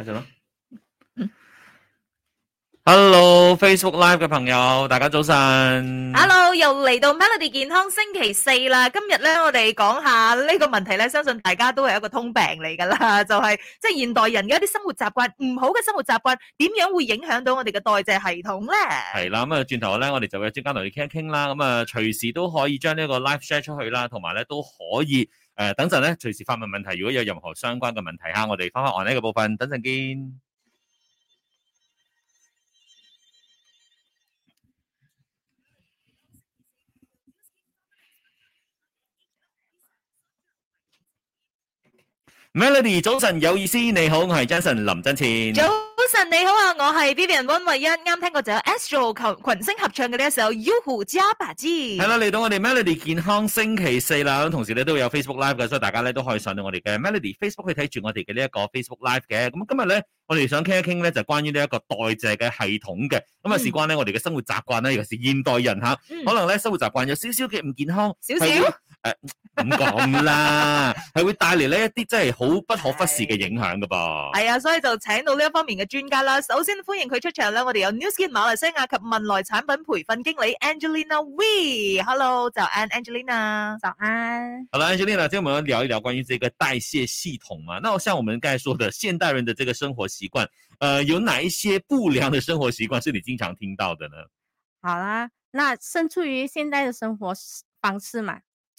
Hello Facebook Live 嘅朋友，大家早晨。Hello，又嚟到 Melody 健康星期四啦。今日咧，我哋講下呢個問題咧，相信大家都係一個通病嚟噶啦，就係即係現代人嘅一啲生活習慣唔好嘅生活習慣，點樣會影響到我哋嘅代謝系統咧？係啦，咁啊，轉頭咧，我哋就會一陣間同你傾一傾啦。咁啊，隨時都可以將呢個 live share 出去啦，同埋咧都可以。誒，等陣咧，隨時發問問題。如果有任何相關嘅問題吓，我哋翻翻 online 呢個部分。等陣見，Melody，早晨，有意思。你好，我係 Jason 林振前。早晨你好啊，我係 Vivian 溫慧欣，啱聽過就有 Astro 群群星合唱嘅，呢一首 Yahoo 之阿伯之。係啦，嚟到我哋 Melody 健康星期四啦，咁同時咧都會有 Facebook Live 嘅，所以大家咧都可以上到我哋嘅 Melody Facebook 去睇住我哋嘅呢一個 Facebook Live 嘅。咁今日咧，我哋想傾一傾咧就關於呢一個代謝嘅系統嘅，咁啊事關咧我哋嘅生活習慣咧，尤其是現代人吓、嗯，可能咧生活習慣有少少嘅唔健康，少少。誒、 呃，唔講啦，係 會帶嚟呢一啲真係好不可忽視嘅影響㗎噃。係啊、哎，所以就請到呢一方面嘅專家啦。首先歡迎佢出場啦，我哋有 New Skin 馬來西亞及文萊產品培訓經理 Angelina Wee，Hello，e 早安，Angelina，早安。好啦，Angelina，今天我們要聊一聊關於這個代謝系統嘛。那像我們剛才說的，現代人的這個生活習慣，呃，有哪一些不良的生活習慣是你經常聽到的呢？好啦，那身處於現代的生活方式嘛。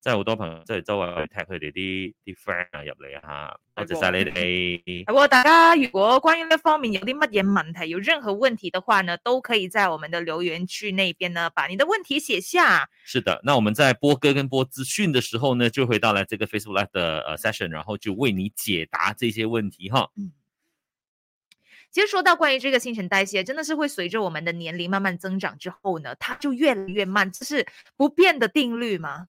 真係好多朋友，啊，真係周圍去踢佢哋啲啲 friend 啊入嚟啊吓，多謝晒你哋。係喎，大家如果關於呢方面有啲乜嘢問題，有任何問題的話呢，都可以在我們的留言區那邊呢，把你的問題寫下。是的，那我們在播歌跟播資訊的時候呢，就會到嚟這個 Facebook Live 的、呃、session，然後就為你解答這些問題哈。嗯，其實說到關於這個新陳代謝，真的是會隨着我們的年齡慢慢增長之後呢，它就越來越慢，這是不變的定律嘛？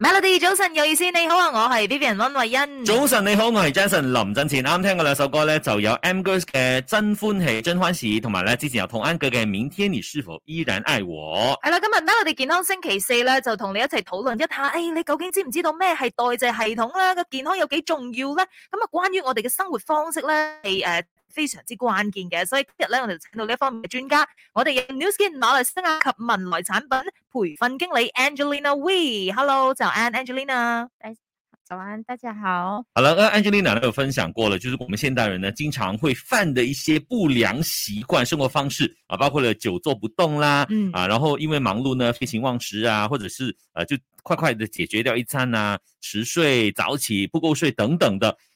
Melody 早晨，有意思，你好啊，我係 Vivian 溫慧欣。早晨你好，我係 Jason 林振前。啱啱聽過兩首歌咧，就有 M Girls 嘅《真歡喜》《真歡喜》呢，同埋咧之前有童安格嘅《明天你是否依然愛我》。係啦，今日咧我哋健康星期四咧，就同你一齊討論一下，誒、哎，你究竟知唔知道咩係代謝系統咧？個健康有幾重要咧？咁啊，關於我哋嘅生活方式咧，係誒。呃非常之關鍵嘅，所以今日呢，我哋就請到呢方面嘅專家，我哋有 Nu Skin 馬來西亞及文萊產品培訓經理 Angelina Wee，Hello，e 早安，Angelina，早安，大家好。好了，Angelina 都有分享過了，就是我們現代人呢，經常會犯的一些不良習慣、生活方式啊，包括了久坐不動啦，嗯，啊，然後因為忙碌呢，廢寢忘食啊，或者是，呃、啊，就快快的解決掉一餐啊，遲睡、早起、不夠睡等等的。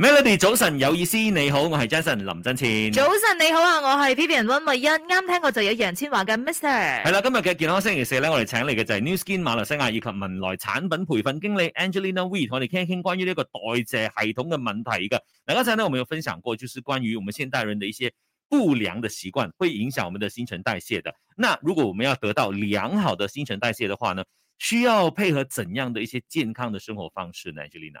Melody，早晨有意思，你好，我是 Jason 林振前。早晨你好啊，我係 Vivian 溫慧欣，啱聽過就有楊千嬅嘅 Mr。係啦，今日嘅健康星期四咧，我哋請嚟嘅就係 New Skin 馬來西亞以及文萊產品培訓經理 Angelina Weet，我哋傾一傾關於呢個代謝系統嘅問題嘅。嗱，剛才呢，我們有分享過，就是關於我們現代人的一些不良的習慣會影響我們的新陳代謝的。那如果我們要得到良好的新陳代謝的話呢，需要配合怎樣的一些健康的生活方式？Angelina 呢。Angelina?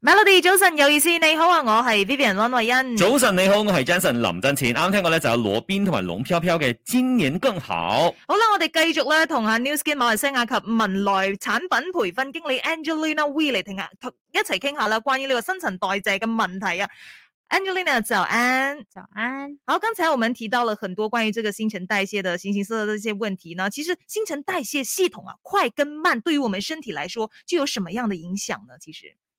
Melody 早晨有意思，你好啊，我係 Vivian 溫慧欣。早晨你好，我係 Jason 林振前。啱啱聽過咧就有羅邊同埋龍飄飄嘅經驗更好。好啦，我哋繼續咧同下 New Skin 馬來西亞及文萊產品培訓經理 Angelina Wee 嚟聽一下一齊傾下啦，關於呢個新陳代謝嘅問題啊。Angelina 早安，早安。好，剛才我們提到了很多關於這個新陳代謝的形形色色這些問題呢。其實新陳代謝系統啊，快跟慢對於我們身體來說，具有什麼樣的影響呢？其實。